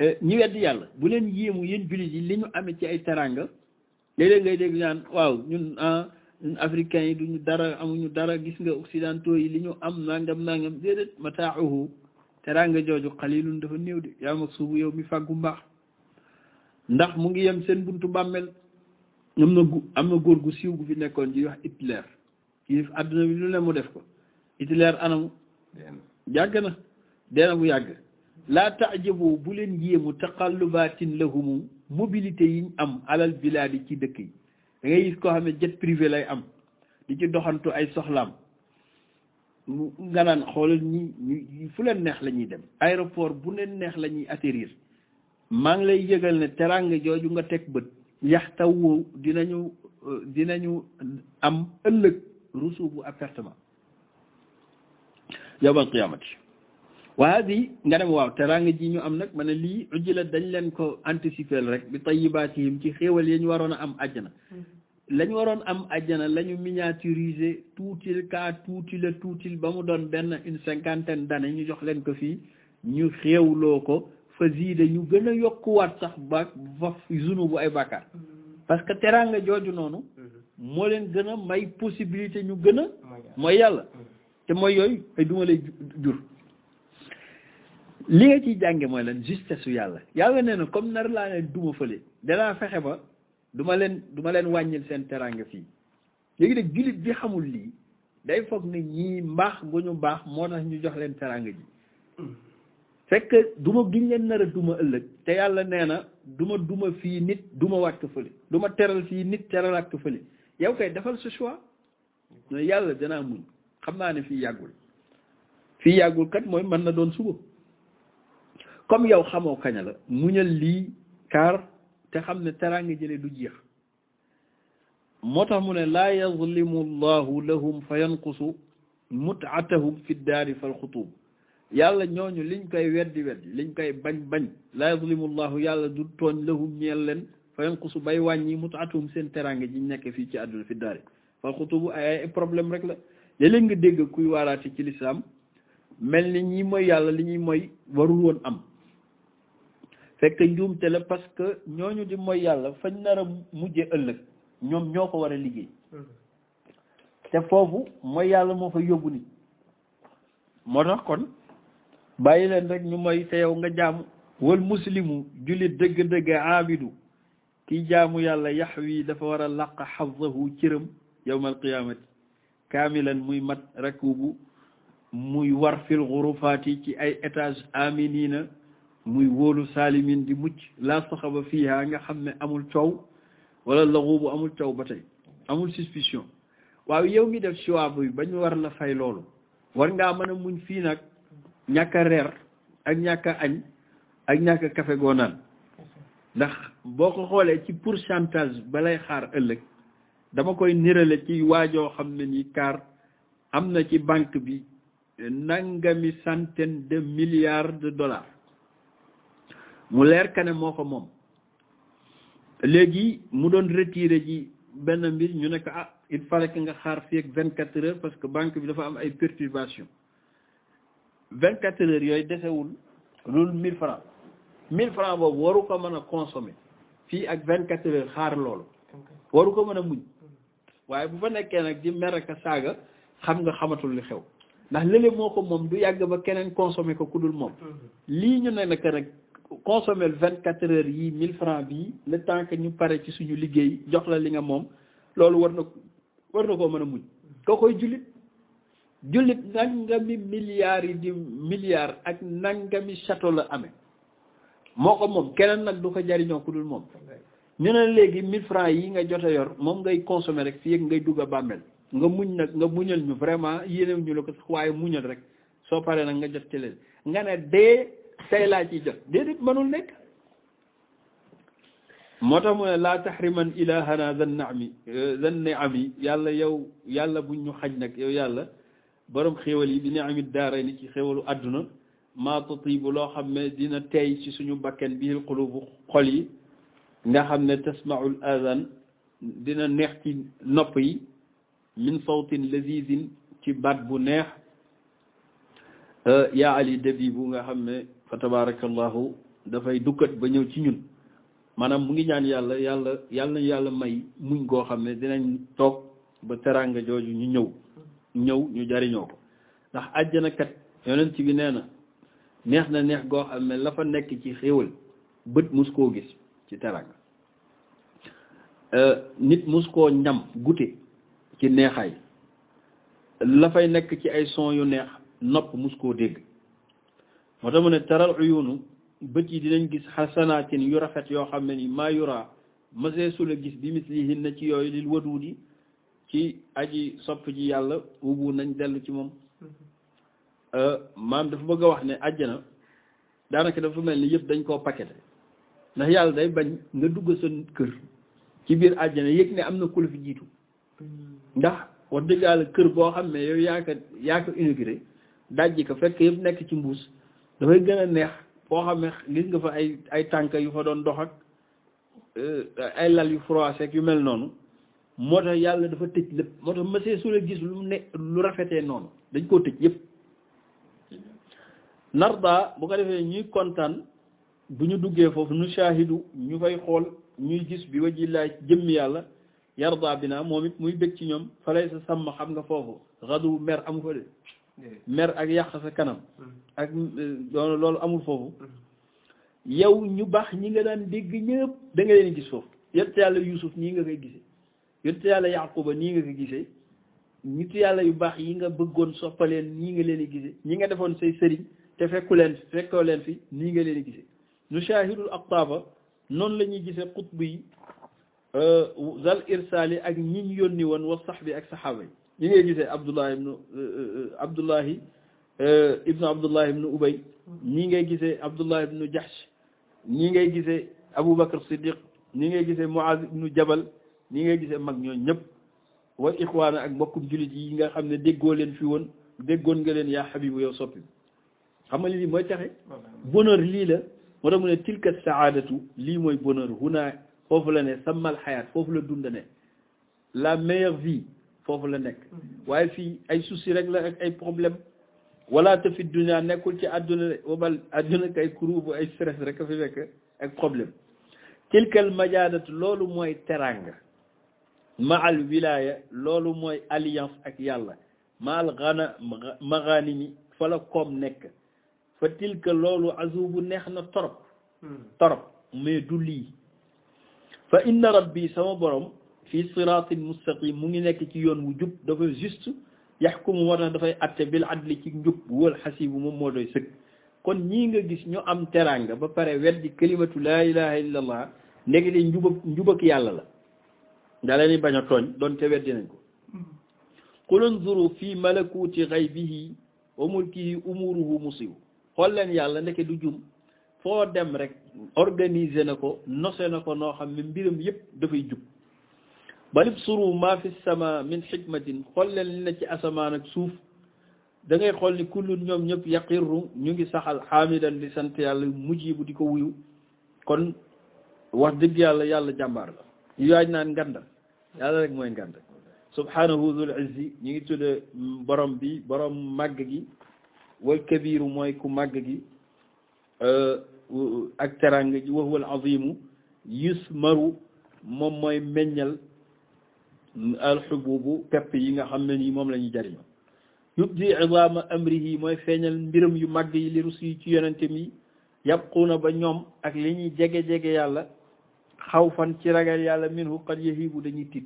euh, ñi weddi yàlla bu leen yéemu yéen jullit yi li ñu amee ci ay teranga léeg-léeg ngay dégg naan waaw ñun ah ñun africains ñu duñu dara amuñu dara gis nga occidentaux yi li ñu am nàngam nàngam déedéet mataahu teranga jooju xalilun dafa néew de yaa mag suubu yow mi fàggu mbaax ndax mu ngi yem seen buntu bàmmeel am na gu am na góor gu siiw gu fi nekkoon ji wax Hitler kilif adduna bi lu ne mu def ko Hitler anamu yàgg na dee na bu yàgg laa taajaboo bu leen yéemu taqallubaatin lahumu mobilité yi am alal di ci dëkk yi da ngay gis koo xam ne jet privé lay am di ci doxantu ay soxlaam nga naan xoolal ñi fu leen neex la ñuy dem aéroport bu leen neex la ñuy atterrir maa ngi lay yëgal ne teraanga jooju nga teg bët dina yaxtawu dina dinañu am ëllëg rusu bu appartement yawmal qiyamati wa hadi nga dem waaw teraanga ji ñu am nag ma ne lii ujjila dañ leen ko anticiper rek bi tayyibaatihim ci xéewal yi ñu waroon a am àjjana mm-hmm. lañ waroon am àjjana la ñu miniaturiser tuutil kaa tuuti la tuutil ba mu doon benn une cinquantaine d'années ñu jox leen ko fii ñu xéewloo ko fa ziida ñu gën a yokkuwaat sax ba fa zunu ay bàkkaar mm-hmm. parce que teraanga jooju noonu mm-hmm. moo leen gën a may possibilité ñu gën a mooy yàlla te mooy yooyu ay duma lay jur li nga ciy jànge mooy leen justesse su yàlla yàlla nee na comme nar laa leen duma fële danaa fexe ba duma leen duma leen wàññil seen teraanga fii léegi nag jullit bi xamul lii day foog ne ñii mbaax gu ñu baax moo tax ñu jox leen teraanga ji fekk duma giñ leen nar duma ëllëg te yàlla nee na duma duma fii nit duma wàcc fële duma teral fii nit teral ak fële yow kay defal sa choix mais yàlla danaa muñ xam naa ne fii yàggul fii yàggul kat mooy mën na doon suba comme yow xamoo kaña la muñal lii kaar te xam ne teraanga jële du jeex moo tax mu ne laa yazlimu allahu lahum fa mut mutaatahum fi daari fal xutub yàlla ñooñu liñ koy weddi weddi liñ koy bañ bañ la laa yazlimu allahu yàlla du tooñ lahum ñeel leen fa yanqusu bay wàññi mutaatum seen teraanga ji nekk fii ci àdduna fi daare fal xutubu ay problème rek la léeg nga dégg kuy waaraate ci lislaam mel ni ñi mooy yàlla li ñuy mooy warul woon am fekk njuumte la parce que ñoo ñu di mooy yàlla fañ nar a mujjee ëllëg ñoom ñoo ko war a liggéey te foofu mooy yàlla moo fa yóbbu nit moo tax kon bàyyi leen rek ñu mooy te yow nga jaamu wal muslimu jullit dëgg-dëgg aabidu kiy jaamu yàlla yaxwi dafa war a làq xazahu cëram yowmal qiyaamati kaamilan muy mat rakubu muy war fil xurufaati ci ay étage aminina muy wóolu saalimin di mucc laa saxaba fiiha nga xam ne amul coow wala laxubu amul coow ba tey amul suspicion waaw yow ngi def siwaab bi bañ war la fay loolu war ngaa mën a muñ fii nag ñàkk a reer ak ñàkk a añ ak ñàkk a kafe goo ndax boo ko xoolee ci pour pourcentage balay xaar ëllëg dama koy nirale ci waajoo xam ne ni kaar am na ci banque bi nangami centaine de milliards de dollars mu leer ka ne moo ko moom léegi mu doon retiré ji benn mbir ñu nekk ah il fallait que nga xaar fii ak vingt quatre heures parce que banque bi dafa am ay perturbation vingt quatre heures yooyu desewul loolu mille francs mille francs boobu waru ko mën a consommer fii ak vingt quatre heures xaar loolu waru ko mën a muñ waaye bu fa nekkee nag di mer saaga xam nga xamatul li xew ndax lële moo ko moom du yàgg ba keneen consommer ko ku dul moom mhm. lii ñu ne nag nag consommer vingt quatre heures yi mille francs bii le temps que ñu pare ci suñu liggéey jox la li nga moom loolu war na war na koo mën a muñ mhm. koo koy jullit jullit nangami milliards yi di milliards ak nangami château la amee moo ko moom keneen nag du ko jariñoo ku dul moom ñu ne léegi mille francs yi nga jot a yor moom ngay consommer rek fii ak ngay dugg a bàmmeel nga muñ nag nga muñal ñu vraiment yéenew ñu la ko sax waaye muñal rek soo paree nag nga jot ci leen nga ne dee tey laa ciy jot déedéet mënul nekk moo tax mu ne laa tahriman ilahana zanni ami am ami yàlla yow yàlla buñ ñu xaj nag yow yàlla boroom xéewal yi bi ni amit daara nit ñi xéewalu àdduna maa bu loo xam ne dina tey ci suñu bakken bii xulubu xol yi nga xam ne tasmaul azan dina neex ci nopp yi min sawtin lazizin ci baat bu neex yaa ali dabibu nga xam ne fa tabarakallahu dafay dukkat ba ñëw ci ñun maanaam mu ngi ñaan yàlla yàlla yàlla nañu yàlla may muñ koo xam ne dinañ toog ba teraanga jooju ñu ñëw ñëw ñu jariñoo ko ndax àjjana kat yonent bi nee na neex na neex goo xam ne la nekk ci xéwal bët mus koo gis ci teranga euh, nit mus koo ñam gute ci neexaay lafay nekk ci ay son yu neex nopp mus koo dégg moo tax mu ne taral uyunu bët yi dinañ gis xasanaatin yu rafet yoo xam ne ni maa yura maseesula gis bi mislihin na ci yooyu lil waduudi ci aji sopp ji yàlla ubu nañ dellu ci moom mm-hmm. Euh, maam dafa bëgg a wax ne àjjana daanaka dafa mel ni yëpp dañ koo paqueté ndax yàlla day bañ nga dugg sa kër ci biir àjjana yëg ne am na ku fi jiitu ndax wax dëgg yàlla kër boo xam ne yow yaa ko yaa ko inauguré ko fekk yëpp nekk ci mbuus dafay gën a neex boo xam ne gis nga fa ay ay tànk yu fa doon dox ak euh, ay lal yu froissé ak yu mel noonu moo tax yàlla dafa tëj lépp moo tax mësee su la gis lu ne lu rafetee noonu dañ koo tëj yëpp narda bu ko defee ñuy kontaan bu ñu duggee foofu nu shaahidu ñu fay xool ñuy gis bi wajillaay jëmm yàlla yarda bi naa moom it muy bég ci ñoom falay sa sàmm xam nga foofu radu mer amu fa de mer ak yàq sa kanam mm-hmm. ak doon euh, loolu amul foofu mm-hmm. yow ñu baax ñi nga daan dégg ñëpp da nga leen gis foofu yonent yàlla yusuf nii nga koy gisee yonent yàlla yaquba nii nga koy gisee nit yàlla yu baax yi nga bëggoon soppaleen nii nga leen di gisee ñi nga defoon say sëriñ te fekku leen fekkoo leen fi nii nga leen gisee nu shaahidul aqtaafa noonu la ñuy gisee xutb yi dal euh, irsaali ak ñi ñu yónni woon wa sax bi ak saxaaba yi ñi ngay gisee abdullahi ibnu euh, euh, abdullahi ibnu abdullahi ibnu ubay ñi ngay gisee abdullahi ibnu jahsh ñi ngay gisee aboubacar siddiq ñi ngay gisee muaz ibnu jabal ñi ngay gisee mag ñooñ ñëpp wal ixwaana ak mbokkum julit yi nga xam ne déggoo leen fi woon déggoon nga leen yaa xabibu yow soppi xam nga lii mooy taxe bonheur lii la moo mu ne tilka lii mooy bonheur huna foofu la ne samal xayaat foofu la foofu la nekk mm-hmm. waaye fii ay souci rek la ay problème wala te fi ci àdduna de wabal ay stress rek problème tilkal majaadatu loolu mooy teranga ma al wilaya loolu mooy alliance ak yàlla ma al gana maganimi fa la nekk fa tilka loolu azubu neex na torop hmm. torop mais du lii fa inna rabbi sama boroom fi siraatin mustaqim mu ngi nekk ci yoon wu jub dafa juste yaxkumu moo tax dafay atte bil adli ci njub wal xasibu moom moo doy sëkk kon ñii nga gis ñu am teraanga ba pare weddi kalimatu laa ilaha illa allah ndekete njubak njubak yàlla la da leen bañ a tooñ doonte weddi nañ ko hmm. qul unzuru fi malakuti xaybihi wa mulkihi umuruhu musibu xool leen yàlla ndeke du jum foo dem rek organise na ko nose na ko noo xam ne mbiram yëpp dafay jub balib suru ma fi sama min xikmatin xool leen li ne ci asamaan ak suuf dangay ngay xool ni kullun ñoom ñëpp yaqirru ñu ngi saxal xaamidan di sant yàlla mujibu di ko wuyu kon wax dëgg yàlla yàlla jàmbaar la yu yaaj naan nganda yàlla rek mooy nganda subhanahu dul ñu ngi tudde borom bi borom màgg gi wal kabiru mooy ku màgg gi euh, ak teranga ji wax wal azimu yusmaru moom mooy meññal alxububu pepp yi nga xam ne nii moom lañuy ñuy jariño yubdi mooy feeñal mbiram yu mag yi li rus yi ci yonente mi yabquuna ba ñoom ak li ñuy jege-jege yàlla xaw fan ci ragal yàlla minhu qad yahibu dañuy tiit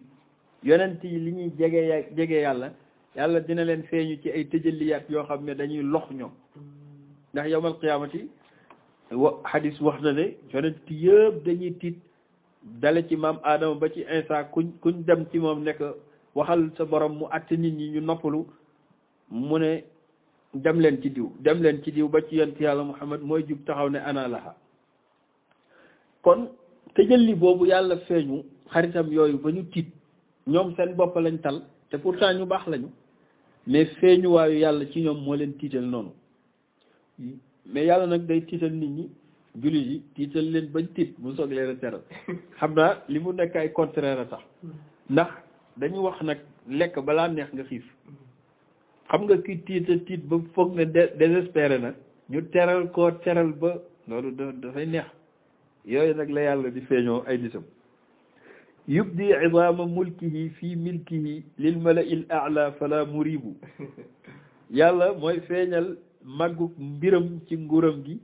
yonent yi li ñuy jege jege yàlla yàlla dina leen feeñu ci ay tëjaliyaat yoo xam ne dañuy lox ñoom ndax yawmal qiyaamati wa xadis wax na ne yonent yëpp dañuy tiit dale ci maam Adama ba ci instant kuñ kuñ dem ci moom nekk waxal sa borom mu àtt nit ñi ñu noppalu mu ne dem leen ci diw dem leen ci diw ba ci yonent yàlla Muhammad mooy jub taxaw ne ana laha kon tëjalli boobu yàlla feeñu xaritam yooyu ba ñu tiit ñoom seen bopp lañ tal te pourtant ñu baax lañu mais feeñuwaayu yàlla ci ñoom moo leen tiital noonu mais yàlla nag day tiital nit ñi jullit yi tiital leen bañ tiit mu soog leen a teral xam naa li mu nekk ay contraire sax ndax dañu wax nag lekk balaa neex nga xiif xam nga ki tiita tiit ba foog ne désespéré na ñu teral ko teral ba loolu dafay neex yooyu nag la yàlla di feeñoo ay nitam yubdi idaama mulkihi fi milkihi lil mala'il a'la fala muribu yàlla mooy feeñal màggug mbiram ci nguuram gi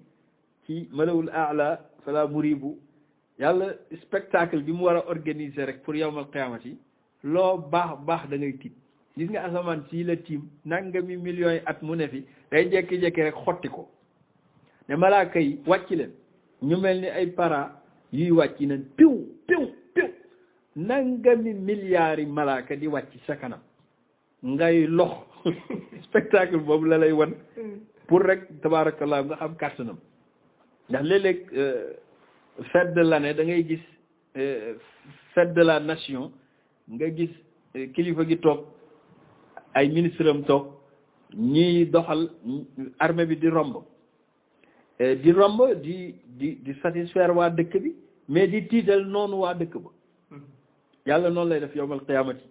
ci malawul a'la fala muribu yàlla spectacle bi mu war a organiser rek pour yawmal qiyaamati loo baax baax da ngay tiit gis nga asamaan sii la tiim nangami millions yi at mu ne fi day jekki-jekki rek xotti ko ne malaaka yi wàcc leen ñu mel ni ay para yuy wàcc nañ piw piw nangami milliards yi malaaka di wàcc sa kanam ngay lox spectacle boobu la lay wan pour rek tabarakallah nga xam kàttanam ndax léeg-léeg euh, fête de l'année da gis euh, fête de la nation nga gis euh, kilifa gi toog ay ministre am toog ñiy doxal armée bi di romb di romb di di di satisfaire waa dëkk bi mais di tiital noonu waa dëkk ba yàlla noonu lay def yowmal qiyaamati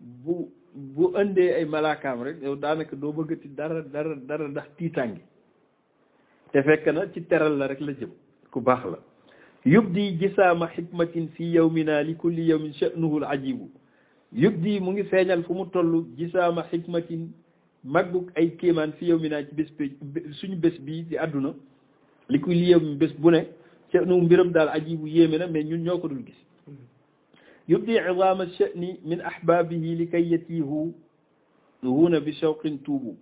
bu bu indee ay malaakaam rek yow daanaka doo bëggati dara dara dara ndax tiitaange te fekk na ci teral la rek la jëm ku baax la yubdi jisaama xikmatin fi naa li kulli yawmin sha'nuhu al-ajibu yubdi mu ngi feeñal fu mu toll jisaama xikmatin magbuk ay kéemaan fi yawmina ci bés suñu bés bii di àdduna li kulli yawmin bés bu ne sha'nuhu mbiram daal ajibu yéeme na mais ñun ñoo ko dul gis yubdi izaama sha'ni min yi li kay yatiihuuna bi shawqin tuubu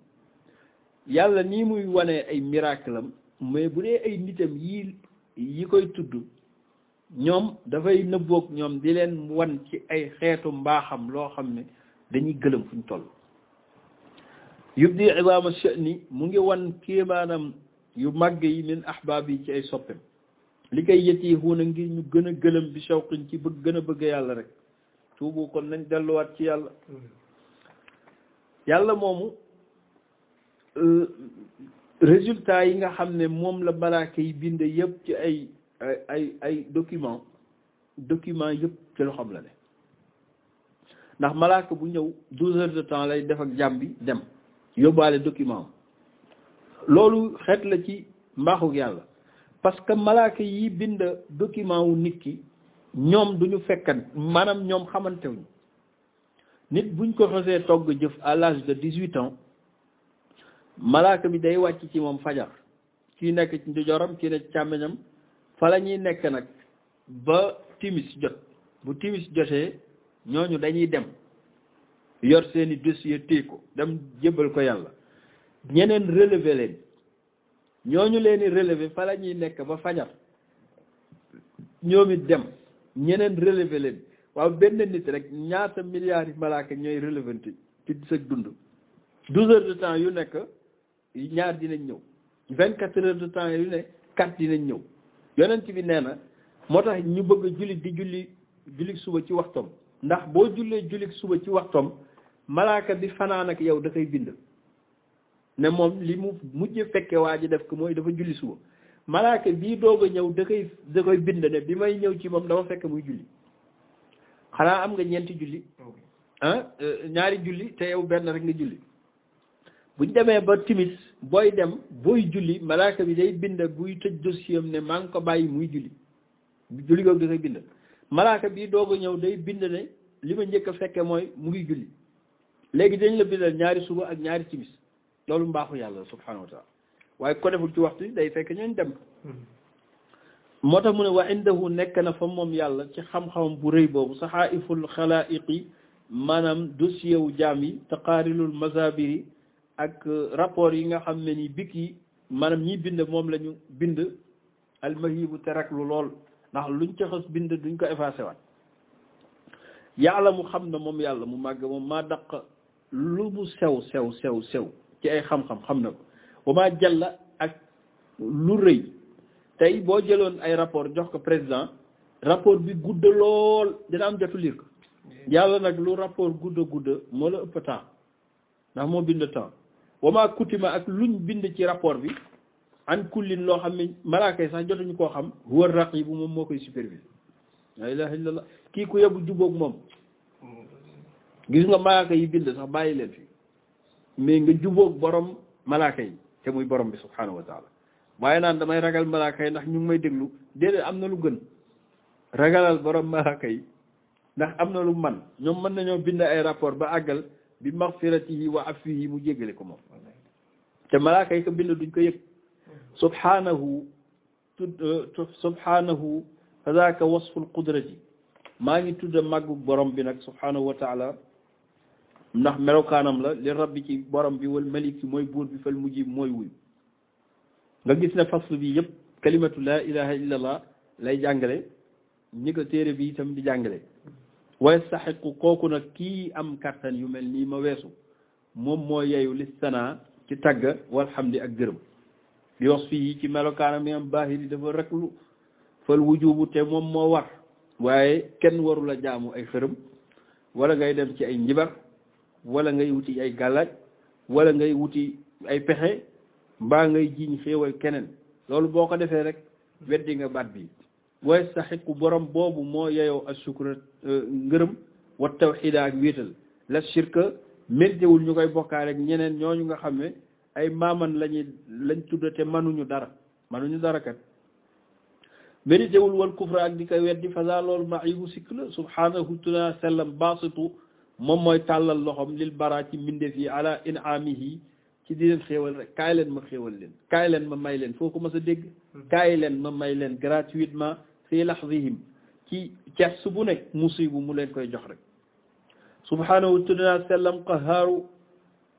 yàlla nii muy wane ay miracle am mais bu dee ay nitam yi yi koy tudd ñoom dafay nëbboog ñoom di leen wan ci ay xeetu mbaaxam loo xam ne dañuy gëlëm fu ñu toll yubdi izaama sha'ni mu ngi wan kéemaanam yu màgg yi min ahbaab yi ci ay soppeem li koy yëtee xuuna ngir ñu gën a gëlëm bi shawqin ci bëgg gën a bëgg yàlla rek tuubu kon nañ delluwaat ci yàlla yàlla moomu euh, résultat yi nga xam ne moom la balaaka yi bind yëpp ci ay ay ay document document yëpp ci loxoom la ne ndax malaaka bu ñëw douze heures de temps lay def ak jàmm bi dem yóbbaale document am loolu xeet la ci mbaaxu yàlla parce que malaaka yi bind document wu nit ki ñoom duñu fekkan maanaam ñoom xamantewuñu nit buñ ko xosee togg jëf à l'âge de dix-huit ans malaaka bi day wàcc ci moom fajar kii nekk ci ndijoram kii nekk ci fa la ñuy nekk nag ba timis jot bu timis jotee ñooñu dañuy dem yor seeni dossier téye ko dem jëbal ko yàlla ñeneen relever leen ñooñu leen di relever fa ñuy nekk ba fajar ñoom it dem ñeneen relever leen waaw benn nit rek ñaata milliards yi malaaka ñooy relever ci sa dund douze heures de temps yu nekk ñaar dinañ ñëw vingt quatre heures de temps yu ne quatre dinañ ñëw yonent bi nee na moo tax ñu bëgg a julli di julli julli suba ci waxtoom ndax boo jullee julli suba ci waxtoom malaaka bi fanaan ak yow da bind ne moom li mu mujj fekke waa ji def ko mooy dafa julli suba malaaka bii doog a ñëw da koy da koy bind ne bi may ñëw ci moom dama fekk muy julli xanaa am nga ñeenti julli ah, euh, ñaari julli te yow benn rek nga buñ demee ba timis booy dem booy julli malaaka bi day bind buy tëj dossier am ne maa ngi ko bàyyi muy julli julli googu da koy bind malaaka bii doog a ñëw day bind ne li ma njëkk a fekke mooy mu ngi julli léegi dañ la bindal ñaari suba ak ñaari timis loolu mbaaxu yàlla subhanahu wa waaye ko deful ci waxtu day fekk ñooñ dem hmm. moo tax mu ne wa indahu nekk na fa moom yàlla ci xam-xamam bu rëy boobu saxaaiful xalaiqi maanaam dossier wu jaam yi taqaarilul mazabiri ak rapport yi nga xam ne ni bik yi maanaam ñi bind moom lañu ñu bind almahibu te rek lu lool ndax luñ ca xas bind duñ ko effacé waat yàlla mu xam na moom yàlla mu màgg moom maa daq lu mu sew sew sew sew ci ay xam-xam xam na ko wa maa jàlla ak lu rëy tey boo jëloon ay rapport jox ko président rapport bi gudd lool dina am jotu lire ko yàlla nag lu rapport gudd gudd moo la ëpp temps ndax moo bind temps wa maa kutima ak luñ bind ci rapport bi an coulin loo xam ne malaaka yi sax jotuñu koo xam huwa raqibu moom moo koy superviser la ilaha illallah kii ku yebu jubóog moom gis nga malaaka yi bind sax bàyyi leen fi mais nga jubóog borom malaaka yi te muy borom bi subhanahu wa taala waaye naan damay ragal malaaka yi ndax ñu ngi may déglu déedéet am na lu gën ragalal borom malaaka yi ndax am na lu man ñoom mën nañoo bind ay rapport ba àggal bi maxfiratihi wa afihi mu jéggale ko moom te malaaka yi ko bind duñ ko yëg subhanahu subhanahu fa zaaka wasful qudrati maa ngi tudda màggu borom bi nag subhanahu wa taala ndax melokaanam la li rabbi ci borom bi wal malik mooy buur bi fal mujib mooy wuyu nga gis na fas bi yëpp kalimatu la ilaha illallah lay jàngale ñi ko téere bi itam di jàngale waaye saxiqu kooku nag kii am kàttan yu mel nii ma weesu moom moo yeyu li sana ci tagg walhamdi ak gërëm li wax fii ci melokaanam yi am baaxi di dafa reklu fal wujubu te moom moo war waaye kenn warula jaamu ay xërëm wala ngay dem ci ay njibar wala ngay wuti ay gàllaaj wala ngay wuti ay pexe mbaa ngay jiiñ xéewal keneen loolu boo ko defee rek weddi nga baat bi waaye saxiku boroom boobu moo yeyoo ak sukura euh, ngërëm wa tawxiida ak wéetal la shirka méttewul ñu koy bokkaa rek ñeneen ñooñu nga xam ne ay maaman lañuy lañ tudda te manuñu dara manuñu dara kat méritewul wal kufra ak di koy weddi fasa loolu ma ibu sikk la subhanahu tuna sellam basitu moom mooy tàllal loxoom lil bara ci mbindeef yi ala inaamihi ci di leen xéewal rek kaay leen ma xéewal leen kaay leen ma may leen foo ko mës a dégg hmm. kaay leen ma may leen gratuitement fi lahzihim ci ces bu nekk musibu mu leen koy jox rek subhaanahu tudna sellam qahaaru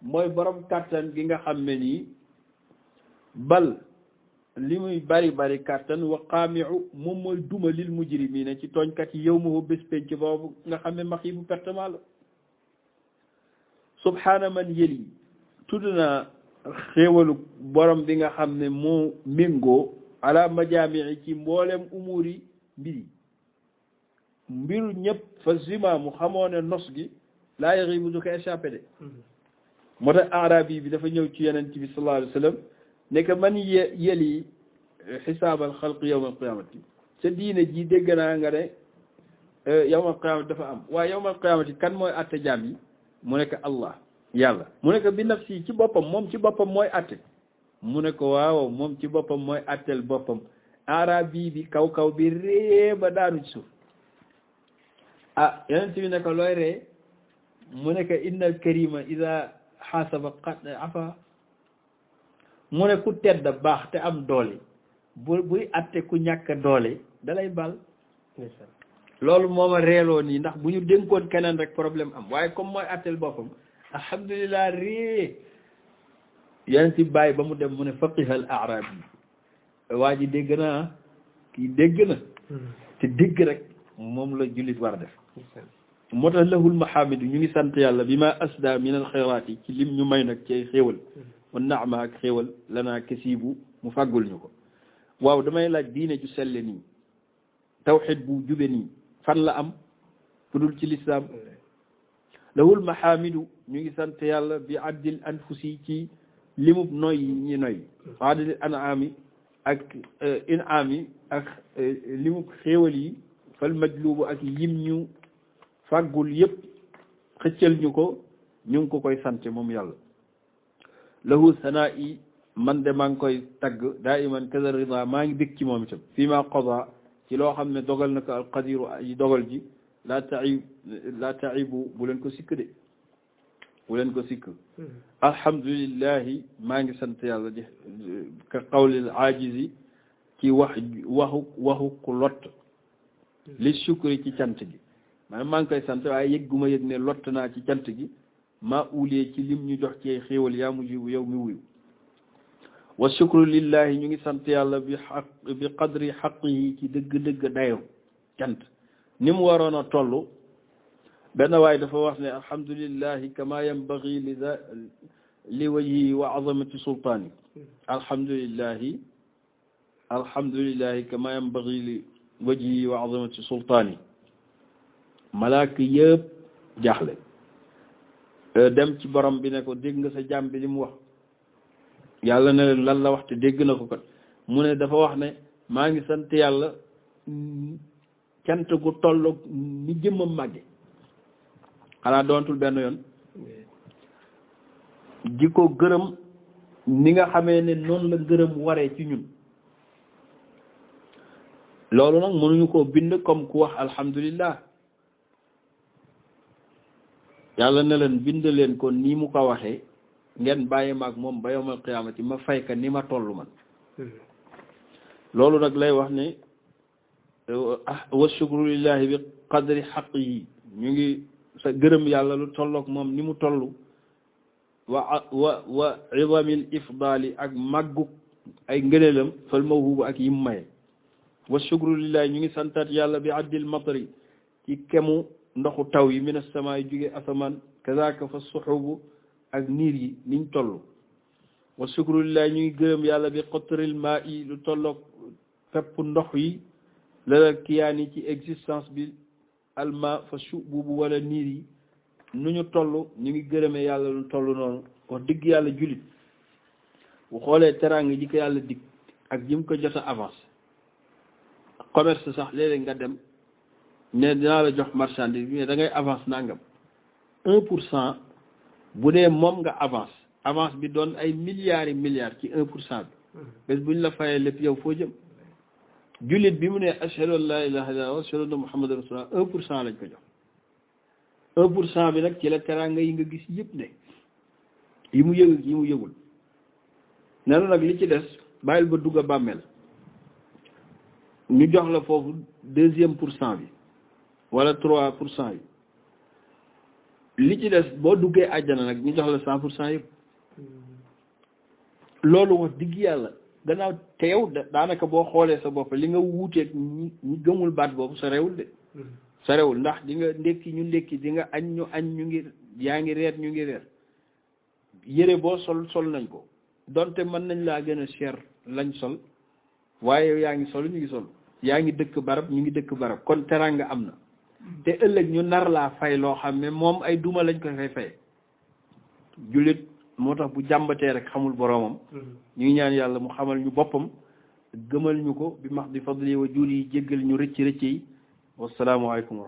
mooy borom kàttan gi nga xam ne nii bal li muy bari bari kàttan wa qaamiu moom mooy duma lil na ci tooñkat yi yow ma ko bés penc boobu nga xam ne max yi bu pertement subhaana man yëli tudd na xéewalu borom bi nga xam ne moo méngoo ala majaamii ci mboolem umuur yi mbiri mbiru ñëpp fa zima mu xamoo ne nos gi laa yëri bu du ko échappé de mm-hmm. moo tax arab bi dafa ñëw ci yonent bi sallallahu alayhi wa sallam ne nga ne euh, yawmal dafa am waaye yawmal qiyaamati kan mooy àtte jaam yi mu nekk ko allah yàlla mu nekk ko bi nafsi ci boppam moom ci boppam mooy atte mu ne ko waaw moom ci boppam mooy attel boppam arabi bi kaw kaw bi ree ba daanu ci suuf ah yonent bi ne ko looy ree mu nekk ko innal karima ida xaasaba qad afa mu ne ku tedd baax te am doole bu buy atte ku ñàkk doole dalay bal loolu moo ma reeloo nii ndax bu ñu dénkoon keneen rek problème am waaye comme mooy attel boppam alhamdulilah ree yan si bàyyi ba mu dem mu ne faqiha al yi waa ji dégg naa kii dégg na te dégg rek moom la jullit war def moo tax lahul mahamidu ñu ngi sant yàlla bi ma asda min al yi ci lim ñu may nag ci xéewal wa naama ak xéewal lanaa kasiibu mu fàggul ñu ko waaw damay laaj diine ju selle nii tawxid bu jube nii fan la am fu ci lislaam lahul mahamidu ñu ngi sant yàlla bi abdil anfusi ci limub noy yi ñi noy waadalil anami ak eh, inami ak eh, limub xéewal yi fal majlubu ak yim ñu fàggul yépp xëccal ñu ko ñu ngi ko koy sant moom yàlla lahu sanaa man de maa ngi koy tagg daa iman kaza rida maa ngi dégg ci moom itam fii maa ci loo xam ne dogal na ko alqadiru yi dogal ji laa taib laa taibu bu leen ko sikk de bu leen ko sikk mm-hmm. alhamdulillahi maa ngi sant yàlla di ka qawlil ajizi ci wax waxu waxu ku lott mm-hmm. li sukri ci cant gi maanaam maa ngi koy sant waaye yëg gu ma yëg ne lott naa ci cant gi maa uulee ci lim ñu jox ci ay xéewal yaa mujibu yow mi wuyu wa shukru lillahi ñu ngi sant yàlla bi xaq bi qadri xaq yi ci dëgg dayo cant ni mu waroon a toll benn waay dafa wax ne alhamdulillahi kama yanbaghi li da li wajhi wa azamati sultaani alhamdulillahi alhamdulillahi kama yanbaghi li wajhi wa azamati sultaani malaaka yëpp jaaxle dem ci borom bi ne ko dégg nga sa jàmm bi li mu wax yàlla na leen lan la wax te dégg na ko ko mu ne dafa wax ne maa ngi sant yàlla mm, cant gu tolloog mm, ni jëmmam màgge xanaa doontul benn yoon di ko gërëm ni nga xamee ne noonu la gërëm waree ci ñun loolu nag mënuñu koo bind comme ku wax alhamdulillah yàlla na leen bind leen ko nii mu ko waxee ngeen bàyyi ma ak moom ba yawmal qiyaamati ma fay ka ni ma toll man hmm. loolu nag lay wax ne ah, wa shukru lillahi bi qadri xaq yi ñu ngi sa gërëm yàlla lu tolloog moom ni mu toll wa wa wa idamil ifdali ak màgguk ay ngëneelam fal mawhubu ak yim maye wa shukru lillahi ñu ngi santaat yàlla bi addil matari ci kemu ndoxu taw yi min asama yi jóge asamaan kazaka fa suxubu ak niir yi niñ toll wa sukrulillahi ñu ngi gërëm yàlla bi xotril maa yi lu tolloog fepp ndox yi lala kiyaan yi ci existence bi alma fa su buubu wala niir yi nu ñu toll ñu ngi gërëmee yàlla lu toll noonu wax digg yàlla julit bu xoolee teraanga ji yàlla dikk ak jim ko jot a avance commerce sax léeg nga dem ne dinaa la jox marchandise bi mais da ngay avance nangam un pour bu dee moom nga avance avance bi doon ay milliare yi ci un pour cent bi mm-hmm. bés bu ñu la fayee lépp yow foo jëm jullit bi mu nee ashhadu an laa ilaaha illallaah ashhadu anna un pour cent lañ ko jox un pour cent bi nag ci la teraanga yi nga gis yëpp ne yi mu yëg yi mu yëgul nenu nag li ci des bàyyil ba dugg a bàmmeel ñu jox la foofu deuxième pour cent bi walla trois pour cent yi li ci des boo duggee àjjana nag ñu jox la cent pour cent yëpp loolu wax digg yàlla gannaaw te yow daanaka boo xoolee sa bopp li nga wuuteeg ñu ñi gëmul baat boobu sa réewul de mm-hmm. sa réewul ndax di nga ndékki ñu ndékki di nga añ ñu añ ñu ngi yaa ngi reer ñu ngi reer yére boo sol sol nañ ko donte mën nañ laa gën a cher lañ sol waaye yaa ngi sol ñu ngi sol yaa ngi dëkk barab ñu ngi dëkk barab kon teraanga am na te ëllëg ñu nar laa fay loo xam ne moom ay duma lañ koy fay fay jullit moo tax bu jàmbatee rek xamul boromam mm-hmm. ñu ñaan yàlla mu xamal ñu boppam gëmal ñu ko bi max di fadli wa juul yi jéggal ñu rëcc rëcc yi wassalaamu aleykum wa